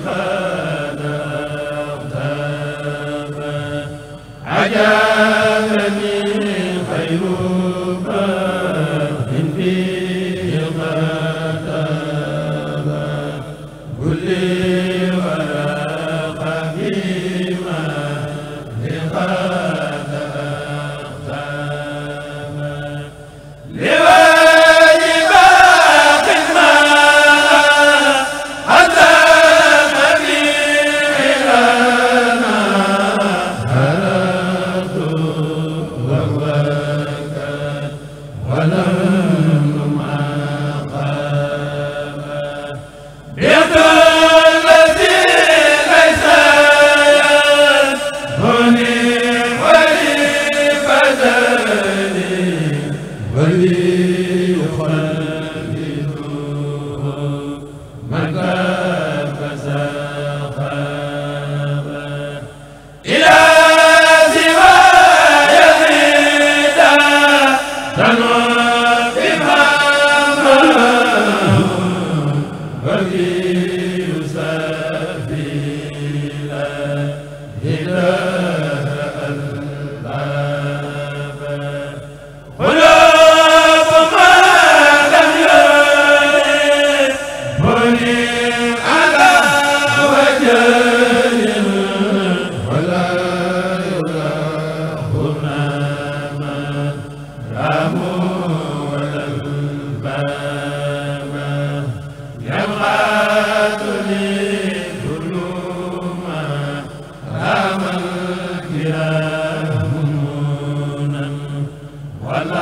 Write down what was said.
خلق ولي خلقه من كان wala